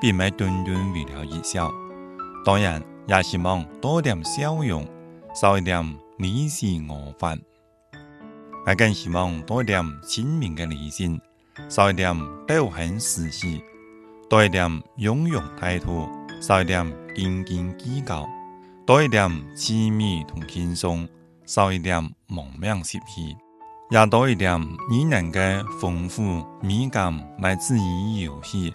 并買頓頓為了一笑，當然也希望多點笑容，少一點你死我犯；我更希望多一點親民嘅理性，少一點鬥狠，世事；多一點雍容態度，少一點斤斤計較；多一點親密同輕鬆，少一點蒙面氣息；也多一點你能嘅豐富美感嚟自於遊戲。